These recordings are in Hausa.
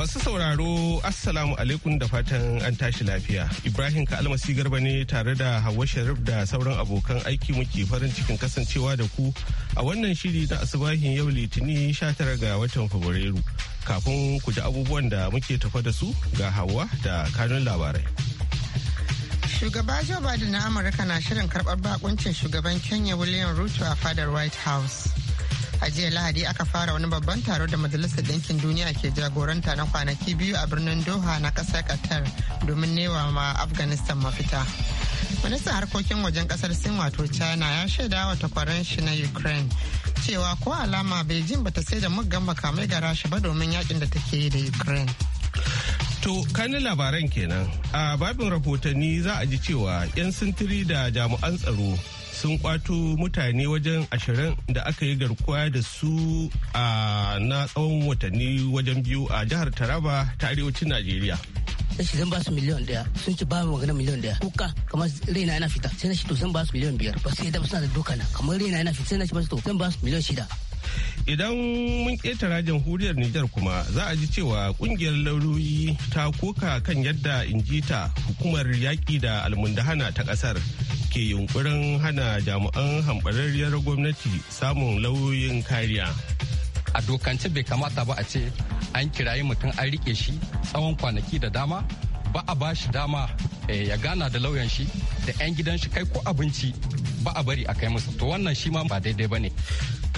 Masu sauraro Assalamu alaikum da fatan an tashi lafiya. Ibrahim Kalmasi Garba ne tare da Hauwa Sharif da sauran abokan aiki muke farin cikin kasancewa da ku a wannan shiri na asubahin yau litini 19 ga watan Fabrairu. Kafin ku ji abubuwan da muke tafa da su ga hawa da kanun labarai. Shugaba Joe Biden na Amurka na shirin karbar bakuncin shugaban Kenya William Ruto a fadar White House. a jiya lahadi aka fara wani babban taro da majalisar ɗinkin duniya ke jagoranta na kwanaki biyu a birnin doha na ƙasar qatar domin newa ma afghanistan mafita ministan harkokin wajen kasar sin wato china ya shaida wa takwaran shi na ukraine cewa ko alama beijing bata sai da muggan makamai ga rasha ba domin yakin da take yi da ukraine To kani labaran kenan a babin rahotanni za a ji cewa 'yan sintiri da jami'an tsaro sun kwato mutane wajen ashirin da aka yi garkuwa da su a na tsawon watanni wajen biyu a jihar taraba ta arewacin najeriya sai zan ba su miliyan daya sun ci ba mu magana miliyan daya kuka kamar raina yana fita sai na shi to zan ba su miliyan biyar ba sai da suna da doka na kamar raina yana fita sai na shi ba su to zan ba su miliyan shida idan mun ƙetara jamhuriyar Nijar kuma za a ji cewa kungiyar lauroyi ta koka kan yadda injita hukumar yaƙi da almundahana ta ƙasar ke yunkurin hana jami'an hambararriyar gwamnati samun lauyoyin kariya. A dokance bai kamata ba a ce an kirayi mutum an rike shi tsawon kwanaki da dama ba a ba shi dama eh, ya gana da lauyan shi da 'yan gidan shi kai ko abinci ba a bari a kai musu to wannan shi ma ba daidai ba ne.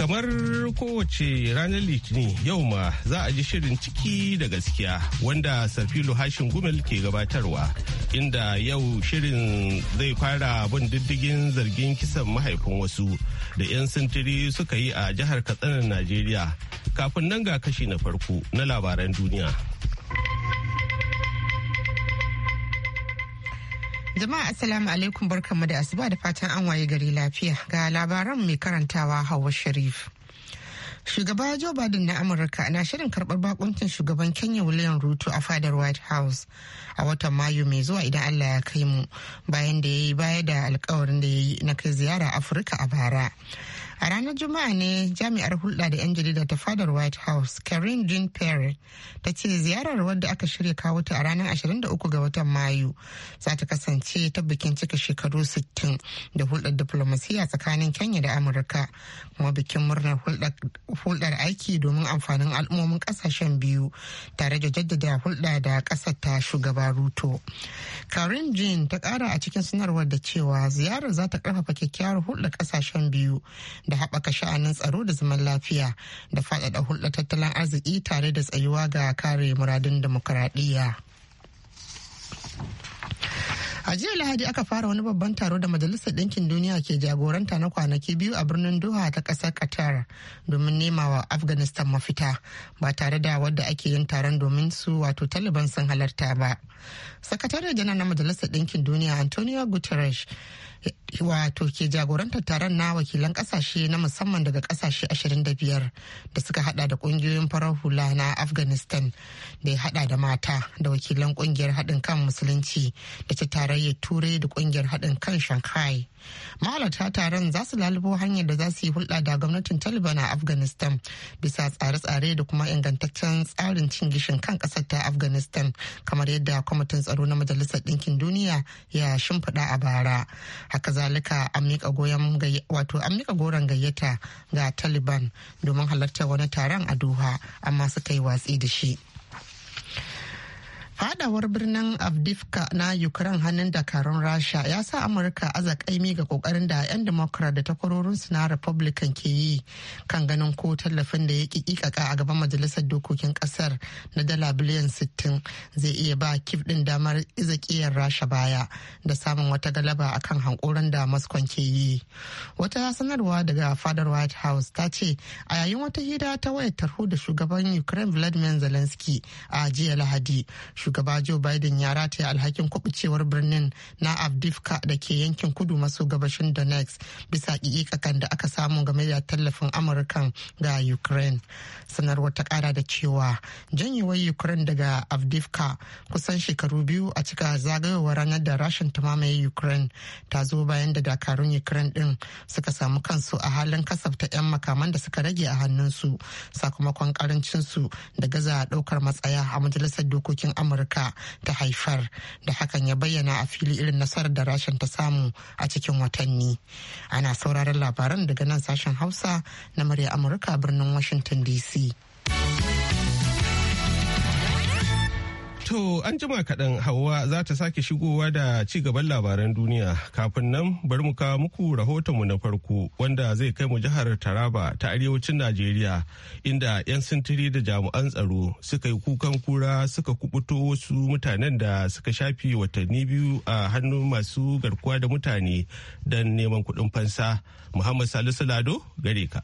kamar kowace ranar litinin yau ma za a ji shirin ciki da gaskiya wanda sarfilo hashin gumel ke gabatarwa inda yau shirin zai fara bin diddigin zargin kisan mahaifin wasu da 'yan sintiri suka yi a jihar katsina najeriya kafin nan ga kashi na farko na labaran duniya Jama'a Assalamu alaikum barkanmu da asuba da fatan an waye gari lafiya ga labaran mai karantawa Hauwa Sharif. Shugaba Joe Biden na Amurka na shirin karbar bakuncin shugaban Kenya William Ruto a fadar White House a watan Mayu mai zuwa idan Allah ya kai mu bayan da ya yi baya da alkawarin da ya yi na kai ziyara Afirka a bara. a ranar juma'a ne jami'ar hulɗa da 'yan jarida ta fadar white house karen jean perry ta ce ziyarar wadda aka shirya kawo ta a ranar 23 ga watan mayu za ta kasance ta bikin cika shekaru 60 da hulɗar diplomasiya tsakanin kenya da amurka kuma bikin murnar hulɗar aiki domin amfanin al'ummomin ƙasashen biyu tare da jaddada hulɗa da ƙasar ta shugaba ruto karen jean ta ƙara a cikin sanarwar da cewa ziyarar za ta ƙarfafa kyakkyawar hulɗar ƙasashen biyu da haɓaka sha'anin tsaro da zaman lafiya da faɗaɗa hulɗa tattalin arziki tare da tsayuwa ga kare muradin dimokuraɗiyya. A jiya Lahadi aka fara wani babban taro da Majalisar Ɗinkin Duniya ke jagoranta na kwanaki biyu a birnin Doha ta ƙasar Qatar domin nema wa Afghanistan mafita ba tare da wadda ake yin taron domin su wato Taliban sun halarta ba. Sakatare janar na Majalisar Ɗinkin Duniya Antonio Guterres wato ke jagorantar taron na wakilan kasashe na musamman daga kasashe 25 da suka hada da kungiyoyin farar hula na afghanistan da ya hada da mata da wakilan kungiyar haɗin kan musulunci da ta tarayyar turai da kungiyar haɗin kan shanghai mahalarta taron za su lalubo hanyar da za su yi hulɗa da gwamnatin taliban a afghanistan bisa tsare-tsare da kuma ingantaccen tsarin cin gishin kan ƙasar ta afghanistan kamar yadda kwamitin tsaro na majalisar ɗinkin duniya ya shimfiɗa a bara haka zalika an mika goron gayyata ga taliban domin halartar wani taron a doha amma suka yi watsi da shi. Hadawar birnin Avdivka na Ukraine hannun dakarun Rasha ya sa Amurka aza ga kokarin da 'yan Democrat da takwarorinsu na Republican ke yi kan ganin ko tallafin da ya kikikaka a gaban Majalisar Dokokin Kasar na dala biliyan 60 zai iya ba kif din damar izakiyar Rasha baya da samun wata galaba akan hankoron da Moscow ke yi. Wata sanarwa daga fadar White House ta ce a yayin wata hira ta wayar tarho da shugaban Ukraine Vladimir Zelensky a jiya Lahadi. shugaba joe biden ya rataya alhakin kubucewar birnin na avdivka da ke yankin kudu maso gabashin donetsk bisa kikikakan da aka samu game da tallafin amurkan ga ukraine sanarwar ta kara da cewa janyewar ukraine daga avdivka kusan shekaru biyu a cika zagayowar ranar da rashin ta mamaye ukraine ta zo bayan da dakarun ukraine din suka samu kansu a halin kasafta 'yan makaman da suka rage a hannunsu sakamakon karancinsu da gaza daukar matsaya a majalisar dokokin amurka amurka ta haifar da hakan ya bayyana a fili irin nasarar da rashin ta samu a cikin watanni ana sauraron labaran daga nan sashen hausa na murya amurka birnin washington dc To an jima kaɗan Hauwa za ta sake shigowa da ci gaban labaran duniya kafin nan bari mu kawo muku mu na farko wanda zai kai mu jihar Taraba ta arewacin Najeriya inda 'yan sintiri da jami'an tsaro suka yi kukan kura suka kubuto wasu mutanen da suka shafi watanni biyu a hannun masu garkuwa da mutane don neman kuɗin fansa. Muhammad Salisu Lado gare ka.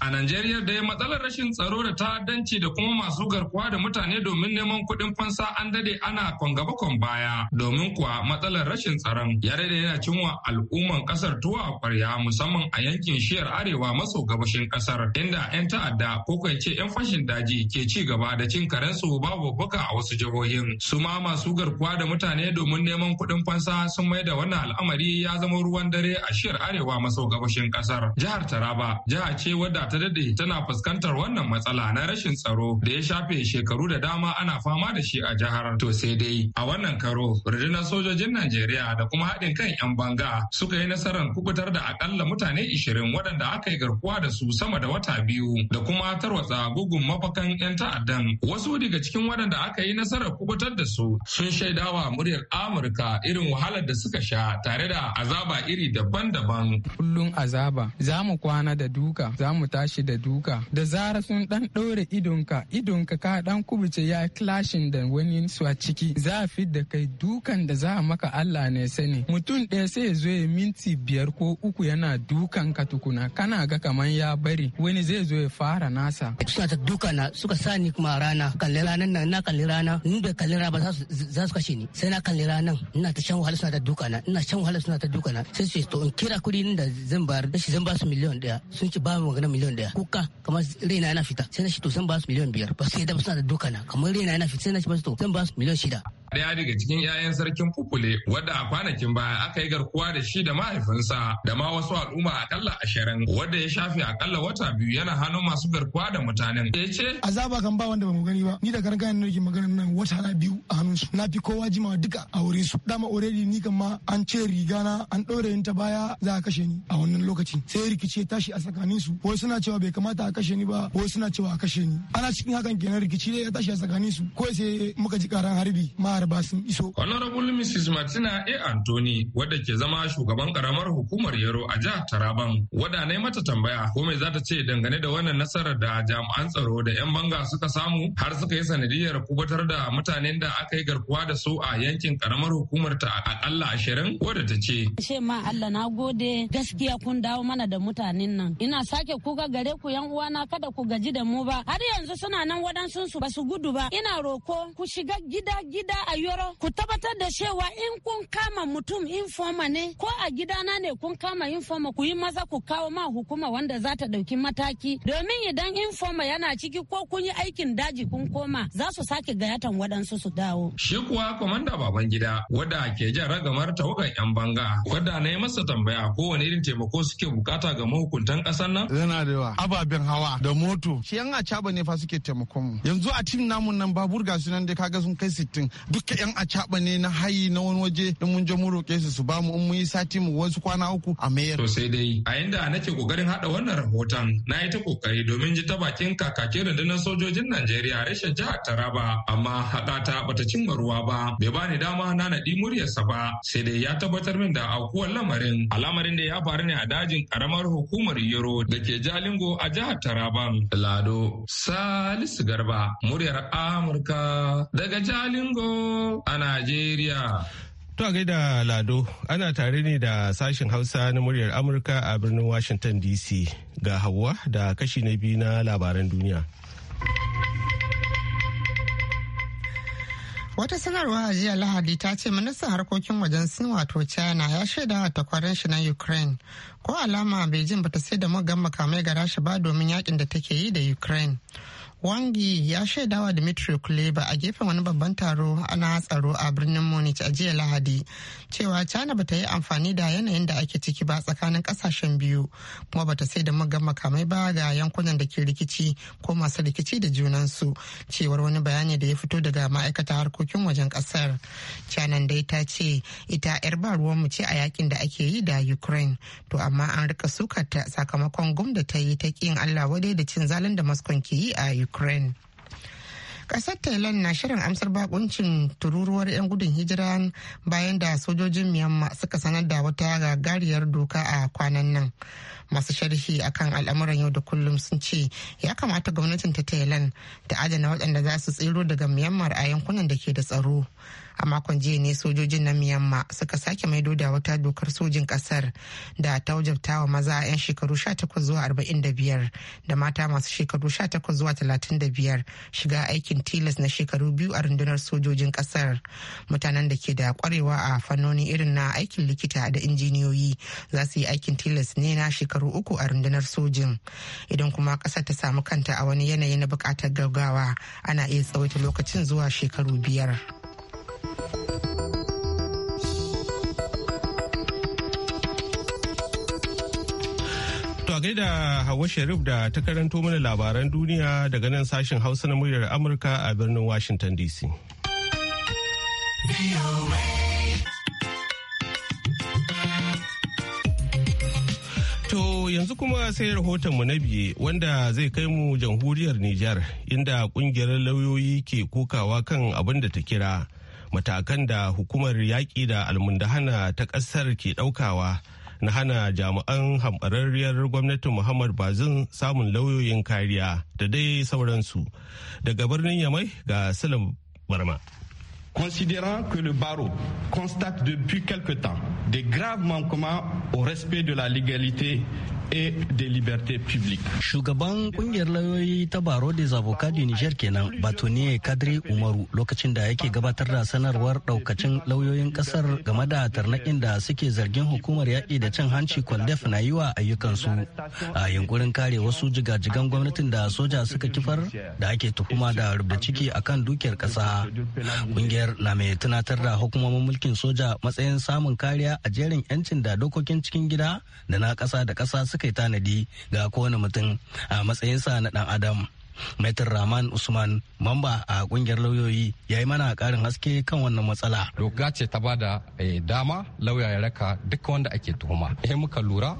A Najeriya dai matsalar rashin tsaro da ta'addanci da kuma masu garkuwa da mutane domin neman kuɗin fansa an dade ana kwangaba baya domin kuwa matsalar rashin tsaron ya da yana cinwa al'umman kasar tuwa a kwarya musamman a yankin shiyar arewa maso gabashin kasar inda 'yan ta'adda ko kai ce 'yan fashin daji ke ci gaba da cin karensu babu buka a wasu jihohin. Su ma masu garkuwa da mutane domin neman kuɗin fansa sun mai da wannan al'amari ya zama ruwan dare a shiyar arewa maso gabashin kasar. Jihar Taraba jiha ce wadda ta dade tana fuskantar wannan matsala na rashin tsaro da ya shafe shekaru da dama ana fama da shi a jihar. To sai dai a wannan karo rundunar sojojin Najeriya da kuma haɗin kan 'yan banga suka yi nasarar kubutar da akalla mutane 20 waɗanda aka yi garkuwa da su sama da wata biyu da kuma tarwatsa gugun mafakan 'yan ta'addan. Wasu daga cikin waɗanda aka yi nasarar kubutar da su sun shaidawa muryar Amurka irin wahalar da suka sha tare da azaba iri daban-daban. Kullum azaba za mu kwana da duka za mu ta tashi da duka da zara sun dan ɗore idonka idonka ka dan kubuce ya clashin da wani su a ciki za a fi da kai dukan da za a maka Allah ne sani mutum ɗaya sai ya zo ya minti biyar ko uku yana dukan ka tukuna kana ga kaman ya bari wani zai zo ya fara nasa suka ta duka na suka sa ni kuma rana kalli ranan nan na kalli rana ni da kalli rana ba za su kashe ni sai na kalli ranan ina ta shan wahala suna ta duka na ina shan wahala suna ta duka na sai su to in kira kuɗi da zan bayar da shi zan ba su miliyan ɗaya sun ci ba mu magana miliyan miliyan daya kuka kamar raina yana fita sai na shi to san ba su miliyan biyar ba sai da ba suna da duka na kamar raina yana fita sai na shi ba su to san ba su miliyan shida. ɗaya daga cikin 'ya'yan sarkin kukule wadda a kwanakin baya aka yi garkuwa da shi da mahaifinsa da ma wasu al'umma a akalla ashirin wadda ya shafe akalla wata biyu yana hannu masu garkuwa da mutanen. Ya ce. Azaba kan ba wanda ba mu gani ba ni da karan kayan nake maganar nan wata na biyu a hannunsu na fi kowa jimawa duka a wurin su dama already ni kan ma an ce rigana na an ɗaure ta baya za a kashe ni a wannan lokacin sai rikice tashi a tsakaninsu wai suna cewa bai kamata a kashe ni ba ko suna cewa a kashe ni ana cikin hakan kenan rikici ne ya tashi a tsakanin su ko sai muka ji karan harbi maharba sun iso honorable mrs martina a anthony wadda ke zama shugaban karamar hukumar yaro a jihar taraban wadda na mata tambaya ko me za ce dangane da wannan nasarar da jami'an tsaro da yan banga suka samu har suka yi sanadiyar kubatar da mutanen da aka yi garkuwa da su a yankin karamar hukumar ta a akalla ashirin wadda ta ce. Ce ma Allah na gode gaskiya kun dawo mana da mutanen nan. Ina sake kuka gare ku yan uwana kada ku gaji da mu ba har yanzu suna nan waɗansu su basu gudu ba ina roko ku shiga gida gida a yoro ku tabbatar da cewa in kun kama mutum infoma ne ko a gidana ne kun kama informa ku yi maza ku kawo ma hukuma wanda za ta ɗauki mataki domin idan infoma yana ciki ko kun yi aikin daji kun koma za su sake gayatan waɗansu su dawo. Shi kuwa kwamanda baban gida wadda ke jan ragamar tawagan 'yan banga wadda na yi masa tambaya kowane irin taimako suke bukata ga mahukuntan ƙasar nan. Yana da arewa ababen hawa da moto shi yan acaba ne fa suke taimakon mu yanzu a tim namun nan babur ga sunan dai ga sun kai sittin duka yan acaba ne na hayi na wani waje in mun je mu roƙe su su ba mu in mun yi sati mu wasu kwana uku a mayar to sai dai a inda nake kokarin hada wannan rahoton na yi ta kokari domin ji ta bakin kakakin rundunar sojojin Najeriya rashin jihar Taraba amma hada ta bata cin ruwa ba bai bani dama na naɗi muryarsa ba sai dai ya tabbatar min da aukuwar lamarin al'amarin da ya faru ne a dajin karamar hukumar Yoro da ke ja Jalingo a jihar Taraban. Lado Salisu Garba muryar Amurka daga Jalingo a Najeriya. To a gaida Lado ana tare ne da sashen Hausa na muryar Amurka a birnin Washington DC ga Hauwa da kashi na biyu na labaran duniya. Wata sanarwa a jiya Lahadi ta ce ministan harkokin wajen Sin wato China ya shaida a takwaran shi na Ukraine ko alama Beijing bata sai da mugan makamai ga Rasha ba domin yakin da take yi da Ukraine. wangi ya shaidawa dimitri kuleba a gefen wani babban taro ana tsaro a birnin munich a jiya lahadi cewa china bata yi amfani da yanayin da ake ciki ba tsakanin kasashen biyu kuma bata sai da magan makamai ba ga yankunan da ke rikici ko masu rikici da junansu cewar wani bayani da ya fito daga ma'aikata harkokin wajen kasar china dai ta ce ita yar ba ruwanmu ce a yakin da ake yi da ukraine to amma an rika sukata sakamakon gum da ta yi ta kin allah wadai da cin zalin da maskon ke yi a ukraine ukraine kasar thailand na shirin amsar bakuncin tururuwar 'yan gudun hijira bayan da sojojin myanmar suka sanar da wata gagariyar doka a kwanan nan masu sharhi akan al'amuran yau da kullum sun ce ya kamata gwamnatin ta thailand ta adana waɗanda za su tsiro daga myanmar a yankunan da ke da tsaro a makon jiya ne sojojin na myanmar suka sake maido da wata dokar sojin kasar da ta wajabta wa maza 'yan shekaru 18 zuwa 45 da mata masu shekaru 18 zuwa 35 shiga aikin tilas na shekaru biyu a rundunar sojojin kasar mutanen da ke da kwarewa a fannoni irin na aikin likita da injiniyoyi za su yi aikin tilas ne na shekaru uku a rundunar sojin idan kuma kasar ta samu kanta a wani yanayi na bukatar gaggawa ana iya tsawaita lokacin zuwa shekaru biyar. da Hawa Sharif da ta karanto mana labaran duniya daga nan sashen Hausa na muryar Amurka a birnin Washington DC. To yanzu kuma sai rahotonmu na biye wanda zai kai mu jamhuriyar Nijar inda kungiyar lauyoyi ke kokawa kan abin da ta kira matakan da hukumar yaƙi da almundahana ta ƙasar ke ɗaukawa na hana jami'an hamɓararriyar gwamnatin muhammad bazin samun lauyoyin kariya da dai sauransu daga birnin yamai ga salam barma Considérant que le barreau constate depuis quelque temps des graves manquements au respect de la légalité et des libertés publiques. Shugaban kungiyar lauyoyi ta Baro des Avocats du Niger kenan Batoniye Kadri Umaru lokacin da yake gabatar da sanarwar daukacin lauyoyin kasar game da tarnaƙin da suke zargin hukumar yaƙi da cin hanci Kwaldef na yi wa ayyukansu a yunkurin kare wasu jigajigan gwamnatin da soja suka kifar da ake tuhuma da rubda ciki akan dukiyar ƙasa. Kungiyar na mai tunatar da hukumomin mulkin soja matsayin samun kariya a jerin 'yancin da dokokin cikin gida da na ƙasa da ƙasa suka yi tanadi ga kowane mutum a matsayinsa na dan adam metin Rahman Usman, mamba a kungiyar lauyoyi, ya yi mana karin haske kan wannan matsala. Doka ce ta ba da eh, dama lauya ya raka duk wanda ake tuhuma. Eh muka lura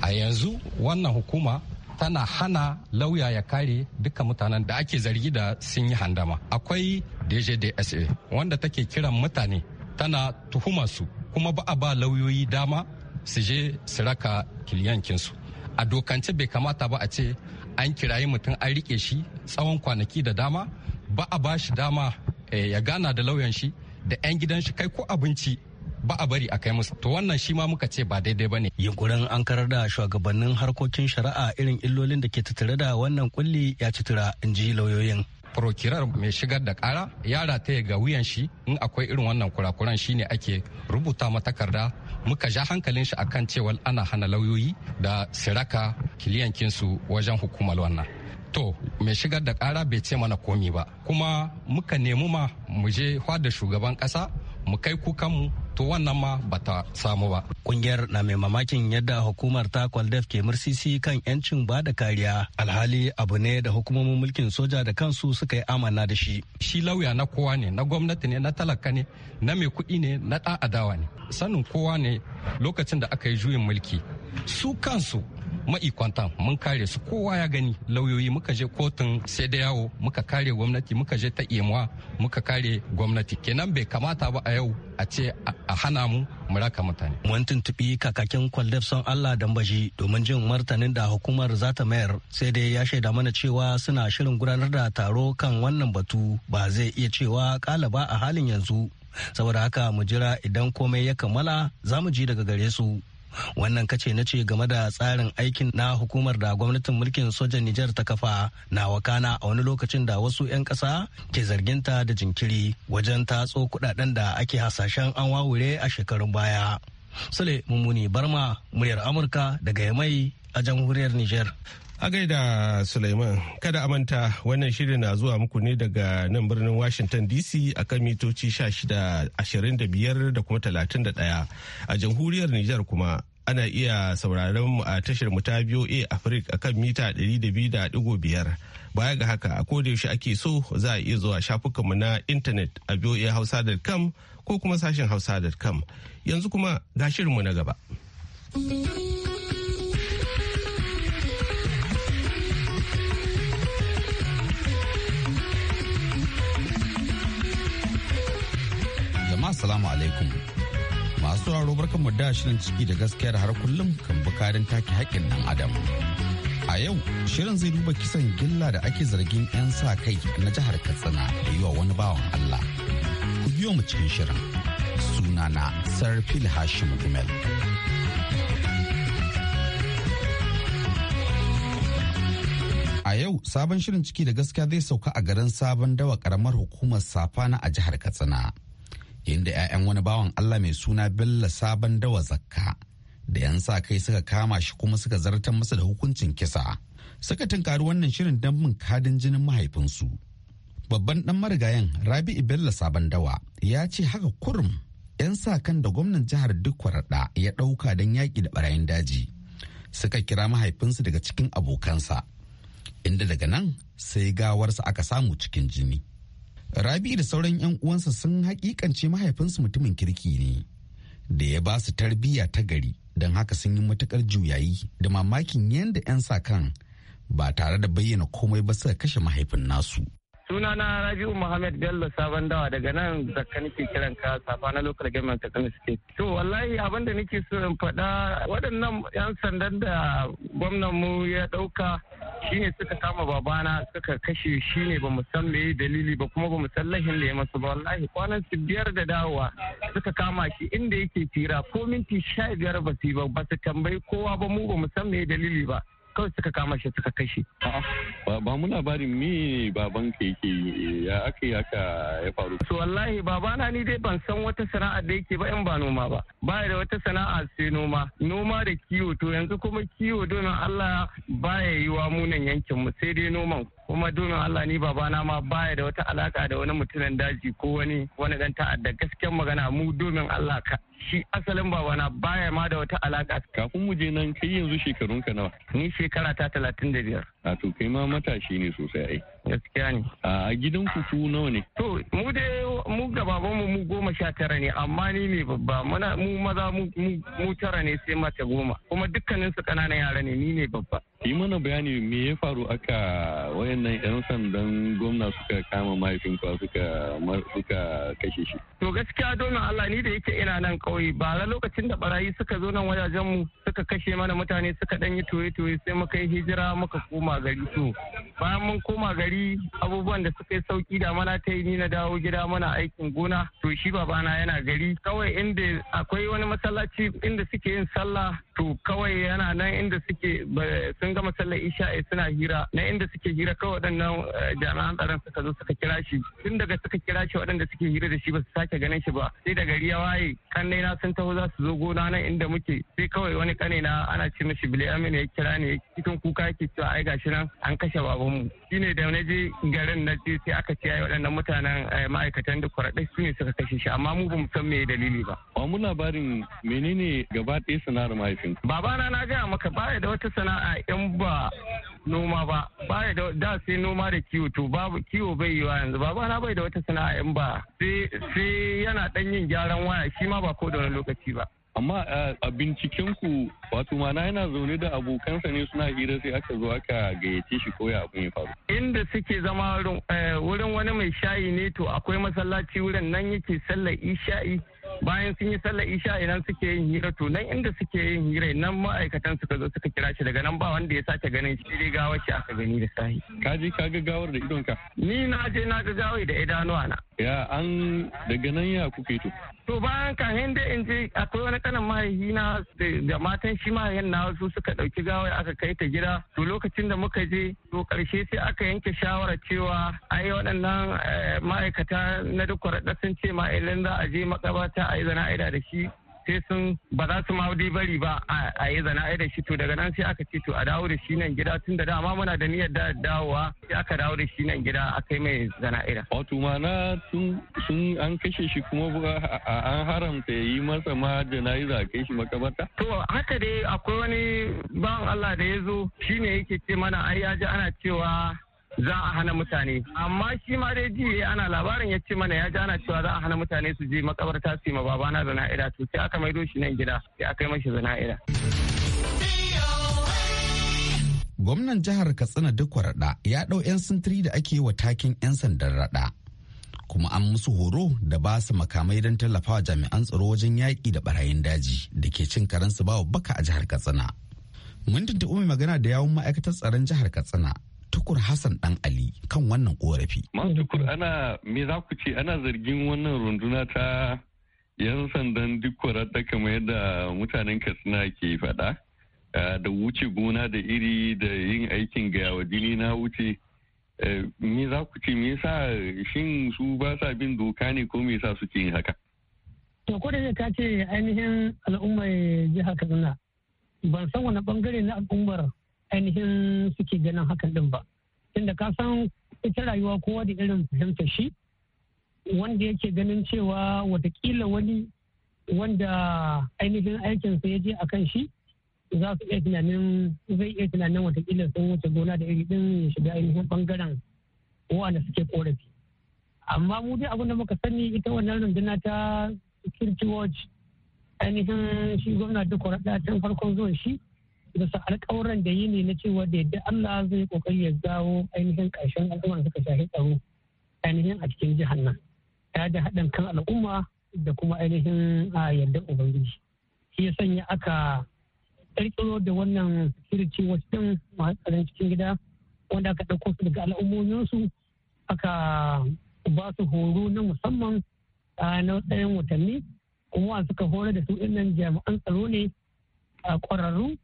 a yanzu wannan hukuma tana hana lauya ya kare duka mutanen da ake zargi da sun yi handama. Akwai DJDSA wanda take kiran mutane tana tuhuma su kuma ba a ba lauyoyi dama su je su raka kiliyankinsu a dokance bai kamata ba a ce an kirayi mutum an rike shi tsawon kwanaki da dama ba a ba shi dama eh, ya gana da lauyan shi da 'yan gidan shi kai ko abinci ba a bari a kai musu to wannan shi ma muka ce ba daidai ba ne yunkurin an karar da shugabannin harkokin shari'a irin illolin da ke tattare da wannan kulli ya citura in ji lauyoyin prokirar mai shigar da kara ya rataya ga wuyan shi in akwai irin wannan kurakuran shine ake rubuta matakarda muka ja hankalin shi akan cewa ana hana lauyoyi da siraka kiliyankinsu wajen hukumar wannan to mai shigar da kara bai ce mana komi ba kuma muka nemi ma mu je da shugaban ƙasa. mu kai kukanmu to wannan ma ba ta samu ba. Kungiyar na mai mamakin yadda hukumar ta kwaldef ke mursisi kan 'yancin ba da kariya alhali abu ne da hukumomin mulkin soja da kansu suka yi amana da shi. Shi lauya na kowa ne, na gwamnati ne, na talaka ne, na mai kuɗi ne, na ɗa'adawa ne. Sanin kowa ne lokacin da aka yi juyin mulki. Su kansu ma'ikwantan mun kare su kowa ya gani lauyoyi muka je kotun sai da yawo muka kare gwamnati muka je ta imuwa muka kare gwamnati kenan bai kamata ba a yau a ce a hana mu mu raka mutane. Mun tuntuɓi kakakin kwaldef son Allah dambashi domin jin martanin da hukumar za ta mayar sai dai ya shaida mana cewa suna shirin gudanar da taro kan wannan batu ba zai iya cewa kalaba a halin yanzu saboda haka mu jira idan komai ya kammala za mu ji daga gare su. wannan kace na ce game da tsarin aikin na hukumar da gwamnatin mulkin sojan Nijar ta kafa na wakana a wani lokacin da wasu 'yan ƙasa ke zarginta da jinkiri wajen tatso kudaden da ake hasashen an wawure a shekarun baya. Sule Mummuni Barma, muryar Amurka daga Yamai a jamhuriyar Nijar. A gaida Suleiman, kada a manta wannan shirin na zuwa muku ne daga nan birnin Washington DC a kan mitoci 1625 da kuma 31 a jamhuriyar Nijar kuma ana iya sauraron mu a tashar mu ta BOA Africa a kan mita 200.5 baya ga haka a yaushe ake so za a iya zuwa shafukanmu na intanet a boahausa.com ko kuma sashen hausa.com yanzu kuma ga shirinmu na gaba. jama'a salamu alaikum masu raro barkan mu da shirin ciki da gaskiyar har kullum kan bukarin take haƙƙin nan adam a yau shirin zai duba kisan gilla da ake zargin 'yan sa kai na jihar katsina da yiwa wani bawan allah ku biyo mu cikin shirin sunana sarfil hashim gumel yau sabon shirin ciki da gaskiya zai sauka a garin sabon dawa karamar hukumar safana a jihar katsina inda 'ya'yan wani bawan Allah mai suna Bello Sabon Dawa Zakka da 'yan sa kai suka kama shi kuma suka zartar masa da hukuncin kisa. Suka tunkari wannan shirin don bin kadin jinin mahaifinsu. Babban dan marigayen Rabi'u Bello Sabon Dawa ya ce haka kurum 'yan sa kan da gwamnan jihar duk ya ɗauka don yaƙi da ɓarayin daji. Suka kira mahaifinsu daga cikin abokansa. Inda daga nan sai gawarsa aka samu cikin jini. rabi da sauran 'yan uwansa sun hakikance mahaifinsu mutumin kirki ne da ya ba su tarbiyya ta gari don haka sun yi matukar juyayi da mamakin yadda 'yan sa kan ba tare da bayyana komai ba suka kashe mahaifin nasu sunana rabi'u muhammad bello sabon dawa daga nan zakka nake kiran ka safa na local government katsina state to wallahi abin da nake so in faɗa waɗannan yan sandan da gwamnan mu ya ɗauka shine suka kama babana suka kashe shi ne ba mu san dalili ba kuma ba mu san lahin da ya masa ba wallahi kwanan su biyar da dawowa suka kama shi inda yake tira ko minti sha biyar ba su ba su tambayi kowa ba mu ba mu san dalili ba kawai suka kama shi suka kashe. Ba mu labarin me baban ka yake ya aka yi ka ya faru. So wallahi babana ni dai ban san wata sana'a da yake ba in ba noma ba. Ba da wata sana'a sai noma. Noma da kiwo to yanzu kuma kiwo domin Allah baya yi wa munan yankin mu sai dai noman. kuma donin Allah ni babana ma baya da wata alaka da wani mutumin daji ko wani wani dan ta'adda gaskiyar magana mu domin Allah ka shi asalin babana baya ma da wata alaka kafin mu je nan kai yanzu shekarunka nawa ni shekara ta talatin da biyar. A to kai ma matashi ne sosai ai. Gaskiya ne. A gidan ku su nawa ne? To mu da mu gababan mu goma sha tara ne amma ni ne babba mu maza mu tara ne sai mace goma kuma dukkaninsu su ƙananan yara ne ni ne babba. yi mana bayani me ya faru aka wayannan 'yan sandan gwamna suka kama mahaifinka suka suka kashe shi. To gaskiya domin Allah ni da yake ina nan kauye ba lokacin da barayi suka zo nan wajajen mu suka kashe mana mutane suka dan yi toye-toye sai muka yi hijira muka koma gari to bayan mun koma gari abubuwan da suka yi sauki da mana ta yi ni na dawo gida mana aikin gona to shi babana yana gari kawai inda akwai wani masallaci inda suke yin sallah to kawai yana nan inda suke sun sun gama sallar isha'i eh, suna hira na inda suke hira kawai waɗannan eh, jami'an tsaron suka zo suka kira shi tun daga suka kira shi waɗanda suke hira da shi ba su sake ganin shi ba sai daga riya waye kanne na sun taho za su zo gona nan inda muke sai kawai wani kane na ana ce mishi bilyamin ya kira ne cikin kuka yake cewa ai gashi nan an kashe babanmu shine da na je garin na je sai aka ce ai waɗannan mutanen eh, ma'aikatan da kwaraɗai su ne suka kashe shi amma mu ba mu san me dalili ba. mu labarin menene gaba ɗaya sana'ar mahaifin. Babana na gaya maka baya da wata sana'a 'yan ba noma ba ba da da sai noma da kiwo to babu kiwo bai yi wa yanzu baba na bai da wata sana'a in ba sai yana dan yin gyaran waya shi ma ba ko da wani lokaci ba amma a ku wato mana yana zaune da abokansa ne suna hira sai aka zo aka gayyace shi koya abin ya faru inda suke zama eh, wurin wani mai shayi ne to akwai masallaci wurin nan yake sallar isha'i bayan sun yi sallar isha idan suke yin hira to nan inda suke yin hira nan ma'aikatan suka zo suka kira shi daga nan ba wanda ya sake ganin shi dai gawar shi aka gani da sahi ka je ka ga gawar da idon ka. ni na je na ga gawar da idanuwa na ya an daga nan ya kuke to to bayan kahin da in je akwai wani kanan mahaifi na da matan shi mahaihin na wasu suka dauki gawar aka kai ta gida to lokacin da muka je to karshe sai aka yanke shawara cewa ai waɗannan eh, ma'aikata na duk sun ce ma'aikatan za a je makabata ta a yi zana'ida da shi sai sun ba za su ma dai bari ba a yi zana'ai da shi to daga nan sai aka ce to a dawo da shi nan gida tun da dama muna da niyyar da dawowa sai aka dawo da shi nan gida a yi mai zana'ira. wato mana sun an kashe shi kuma an haramta ya yi masa ma jana'iza a kai shi makabarta. to haka dai akwai wani ban Allah da ya zo shine yake ce mana ai ya ji ana cewa za a hana mutane amma shi ma dai ji ana labarin ya ce mana ya jana cewa za a hana mutane su je makabarta su yi ma babana zana'ira to sai aka maido shi nan gida sai aka yi mashi zana'ira. Gwamnan jihar Katsina duk raɗa ya ɗau 'yan sintiri da ake wa takin 'yan sandan raɗa. Kuma an musu horo da ba su makamai don tallafawa jami'an tsaro wajen yaƙi da barayin daji da ke cin karansu bawa baka a jihar Katsina. Mun tuntuɓi mai magana da yawun ma'aikatar tsaron jihar Katsina tukur hassan dan ali kan wannan korafi masu tukur ana me za ku ce ana zargin wannan runduna ta yan sandan duk da kamar yadda mutanen katsina ke fada da wuce gona da iri da yin aikin gayawa jini na wuce me za ku ce me sa shin su ba sa bin doka ne ko me sa suke yin haka to ko da ka ce ainihin al'ummar jihar kaduna ban san wani bangare na al'ummar ainihin suke ganin hakan din ba tunda ka san ita rayuwa kowa da irin fahimtar shi wanda yake ganin cewa watakila wani wanda ainihin aikinsa ya je a kan shi za su iya tunanin zai iya tunanin watakila sun wuce gona da iri din ya shiga ainihin bangaren wanda suke korafi amma mu dai abin da muka sani ita wannan runduna ta security watch ainihin shi gwamna duk tun farkon zuwan shi bisa alƙawuran da yi ne na cewa da yadda Allah zai kokari ya gawo ainihin ƙarshen al'umma suka shafi tsaro ainihin a cikin jihar nan ya da haɗin kan al'umma da kuma ainihin a yadda ubangiji shi ya sanya aka ƙirƙiro da wannan security watch masu cikin gida wanda aka ɗauko su daga al'ummominsu aka ba su horo na musamman a na tsayin watanni kuma suka horar da su nan jami'an tsaro ne a ƙwararru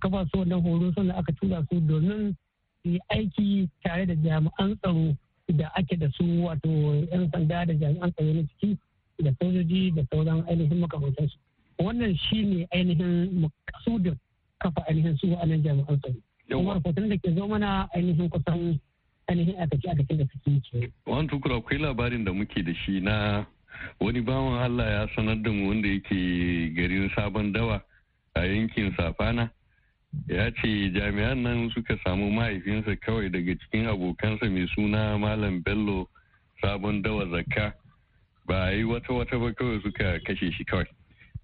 kafa su wannan horo sun aka tura su domin su yi aiki tare da jami'an tsaro da ake da su wato 'yan sanda da jami'an tsaro na ciki da sojoji da sauran ainihin su wannan shi ne ainihin makasudin kafa ainihin su wa'annan jami'an tsaro kuma rahoton da ke zo mana ainihin kusan ainihin a tafi a tafi da suke ce. wani tukura akwai labarin da muke da shi na wani bawan Allah ya sanar da mu wanda yake garin sabon dawa a yankin safana ya ce jami'an nan suka samu mahaifinsa kawai daga cikin abokansa mai suna malam bello sabon dawa zakka ba a yi wata-wata ba kawai suka kashe shi kawai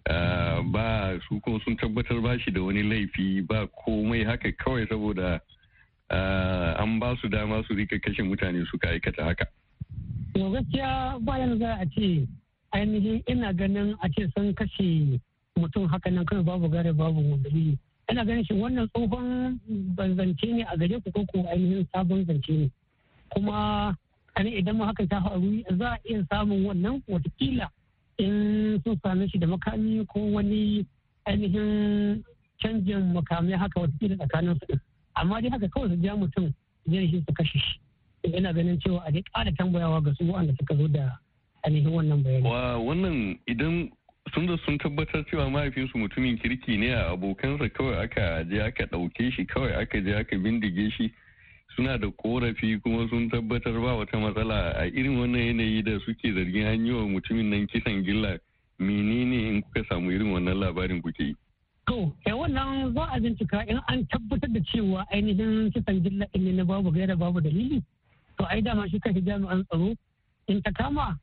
ah, ba su ko sun tabbatar ba shi da wani laifi ba komai haka kawai saboda ah, an ba su dama su rika kashe mutane suka aikata haka gaskiya bayan za a ce ainihin ina ganin a ce sun kashe mutum haka nan kawai babu gare babu dalili ina ganin shi wannan tsohon zance ne a gare ku ko ainihin sabon zance ne kuma kane idan mu haka ta faru za a iya samun wannan watakila in sun same shi da makami ko wani ainihin canjin makamai haka watakila tsakanin su amma dai haka kawai su ja mutum zai shi su kashe shi ina ganin cewa a dai ƙara tambayawa ga su wanda suka zo da ainihin wannan bayani. wannan idan sun da sun tabbatar cewa mahaifinsu mutumin kirki ne a abokansa kawai aka je aka ɗauke shi kawai aka je aka bindige shi suna da korafi kuma sun tabbatar ba wata matsala a irin wannan yanayi da suke zargin an yi wa mutumin nan kisan gilla menene in kuka samu irin wannan labarin kuke yi. To, ya eh, wannan za a bincika in an tabbatar da cewa ainihin kisan gilla ɗin ne na babu gaira babu dalili. To, ai dama shi kashi jami'an tsaro in ta kama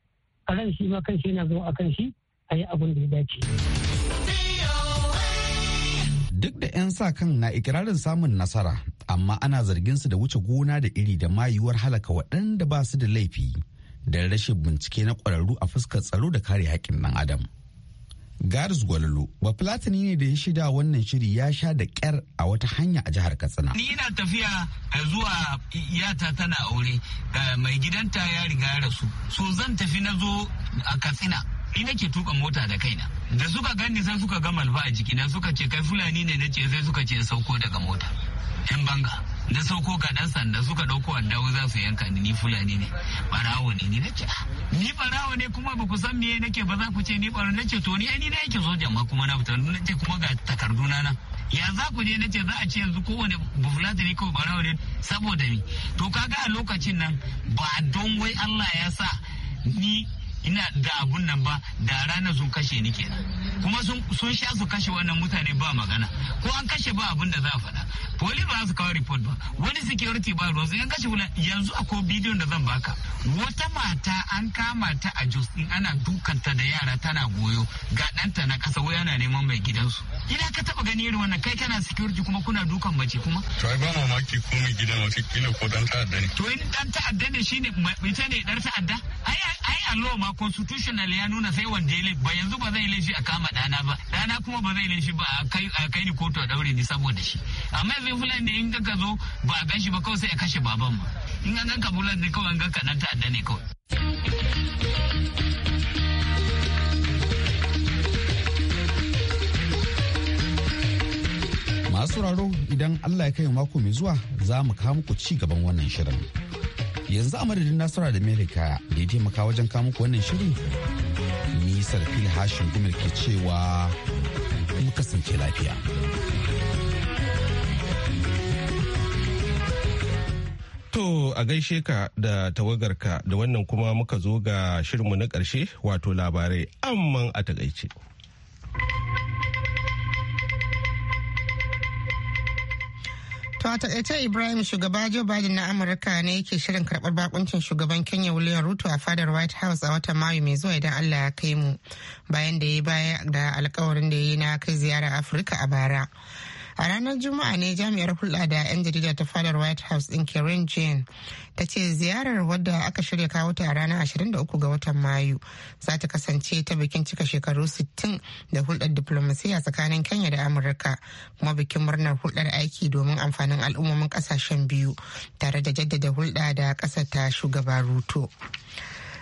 a ran shi ma kan shi yana zama a kan shi. a yi abin da ya dace. Duk da 'yan sa kan na ikirarin samun nasara, amma ana zargin su da wuce gona da iri da mayuwar halaka waɗanda ba su da laifi da rashin bincike na ƙwararru a fuskar tsaro da kare haƙƙin ɗan adam. Garis Gwalolo, ba ne da ya shida wannan shiri ya sha da ƙyar a wata hanya a jihar Katsina. Ni ina tafiya zuwa yata tana aure, mai gidanta ya riga ya rasu. So zan tafi na zo a Katsina. ni nake tuka mota da kaina da suka gani sai suka ga malfa a jikina suka ce kai fulani ne nace sai suka ce sauko daga mota yan banga da sauko ga dan sanda suka dauko addawo za su yanka ni fulani ne barawo ne ni nake ah, ni barawo ne kuma ba ku san meye nake ba za ku ce ni barawo nace to ni ai ni nake soja ma kuma na fita nace kuma ga takarduna na ya za ku je nace za a ce yanzu kowane bufulata ne kawai barawo ne saboda ni to kaga a lokacin nan ba don wai Allah ya sa ni ina da abun nan ba da ranar sun kashe ni kenan kuma sun sha su kashe wannan mutane ba magana ko an kashe ba abun da za a faɗa poli ba su kawo report ba wani security ba ruwansu sun kashe wula yanzu akwai bidiyon da zan baka wata mata an kama ta a jos din ana dukanta da yara tana goyo ga ɗanta na ƙasa wai ana neman mai gidansu ina ka taɓa gani irin wannan kai kana security kuma kuna dukan mace kuma to ai ba mamaki ko mai gidan wata kila ko dan ta'adda ne to in dan ta'adda ne shine ita ne dan ta'adda ai ai a ma constitutional ya nuna sai wanda ya laifi ba yanzu ba zai laifi a kama dana ba dana kuma ba zai laifi ba a kai ni kotu a daure ni saboda shi amma yanzu fulani in ka zo ba a gan shi ba kawai sai a kashe baban ma in an ganka fulani kawai an ganka nan ta'adda ne kawai. masu raro idan Allah ya kai mako mai zuwa za mu kawo muku ci gaban wannan shirin. yanzu a madadin nasara da amerika da ya taimaka wajen kamu wannan shiri nisar fil hashin gumar ke cewa mu kasance lafiya To a gaishe ka da tawagarka da wannan kuma muka zo ga shirinmu na ƙarshe wato labarai amman a takaice. To a Ibrahim shugaba Joe Biden na Amurka ne yake shirin karɓar bakuncin shugaban Kenya William Ruto a fadar White House a watan Mayu mai zuwa idan Allah ya kai mu bayan da ya baya da alkawarin da ya yi na kai ziyara Afirka a bara. a ranar juma'a ne jami'ar hulɗa da 'yan jarida ta fadar white house ɗin karen jane ta ce ziyarar wadda aka shirya kawo ta a ranar 23 ga watan mayu za ta kasance ta bikin cika shekaru 60 da hulɗar diplomasiya tsakanin kenya da amurka kuma bikin murnar hulɗar aiki domin amfanin al'ummomin ƙasashen biyu tare da jaddada hulɗa da ƙasar ta shugaba ruto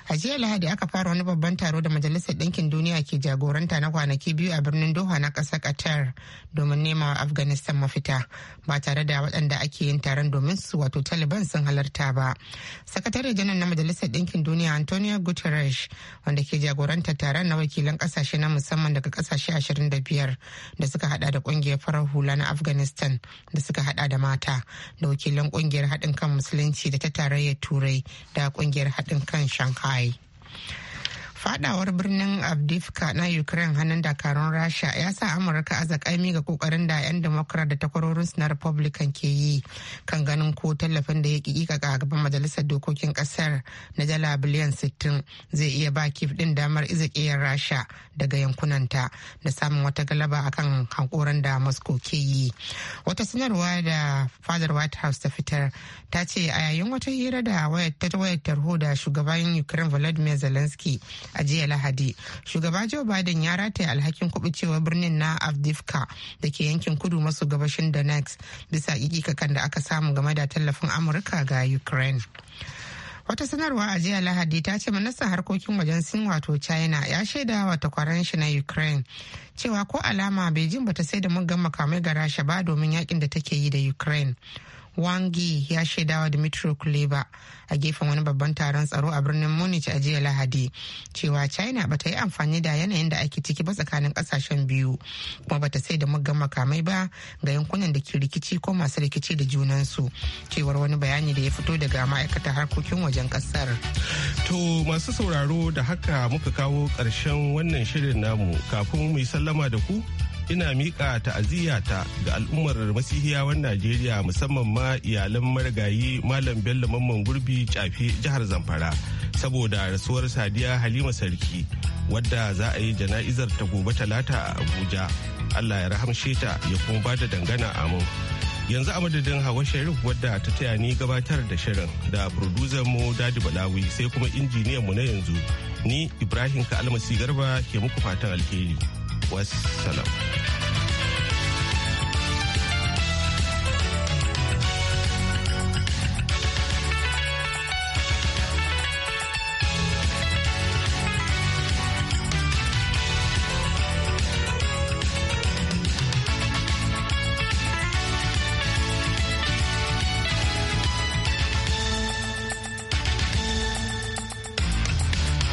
a jiya lahadi aka fara wani babban taro da majalisar ɗinkin duniya ke jagoranta na kwanaki biyu a birnin doha na ƙasar qatar domin nema wa afghanistan mafita ba tare da waɗanda ake yin taron domin su wato taliban sun halarta ba sakatare janar na majalisar ɗinkin duniya antonio guterres wanda ke jagoranta taron na wakilan ƙasashe na musamman daga ƙasashe 25 da suka hada da ƙungiyar farar hula na afghanistan da suka hada da mata da wakilan ƙungiyar haɗin kan musulunci da ta tarayyar turai da ƙungiyar haɗin kan shanghai kwaye fadawar birnin abdifka na ukraine hannun dakarun rasha ya sa amurka a zakami ga kokarin da 'yan democrat da takwarorin na republican ke yi kan ganin ko tallafin da ya kikika ga gaban majalisar dokokin kasar na jala biliyan 60 zai iya ba kif din damar izakiyar rasha daga yankunanta da samun wata galaba akan hankoran da moscow ke yi wata sanarwa da fadar white house ta fitar ta ce a yayin wata hira da wayar tarho da shugaban ukraine volodymyr zelensky a jiya lahadi shugaba joe biden ya rataya alhakin kubucewar birnin na avdivka da ke yankin kudu maso gabashin donetsk bisa kikikakan da aka samu game da tallafin amurka ga ukraine wata sanarwa a jiya lahadi ta ce ministan harkokin wajen sin wato china ya shaida wa takwaran shi na ukraine cewa ko alama beijing bata sai da muggan makamai ga rasha ba domin yakin da take yi da ukraine wangi ya shaidawa dimitro kuleba a gefen wani babban taron tsaro a birnin munich a jiya lahadi cewa china ba ta yi amfani da yanayin da ake ciki ba tsakanin kasashen biyu kuma ba ta sai da muggan makamai ba ga yankunan da ke rikici ko masu rikici da junansu cewar wani bayani da ya fito daga ma'aikatar harkokin wajen kasar to masu sauraro da haka muka kawo ƙarshen wannan shirin namu kafin mu yi sallama da ku ina miƙa ta'aziyata ga al'ummar masihiyawan najeriya musamman ma iyalan marigayi malam bello mamman gurbi cafe jihar zamfara saboda rasuwar sadiya halima sarki wadda za a yi jana'izar ta gobe talata a abuja allah ya rahamshe ta ya kuma ba da dangana amin yanzu a madadin hawa sharif wadda ta taya ni gabatar da shirin da producer mu dadi balawi sai kuma injiniyan mu na yanzu ni ibrahim ka almasi garba ke muku fatan alheri Wassalam.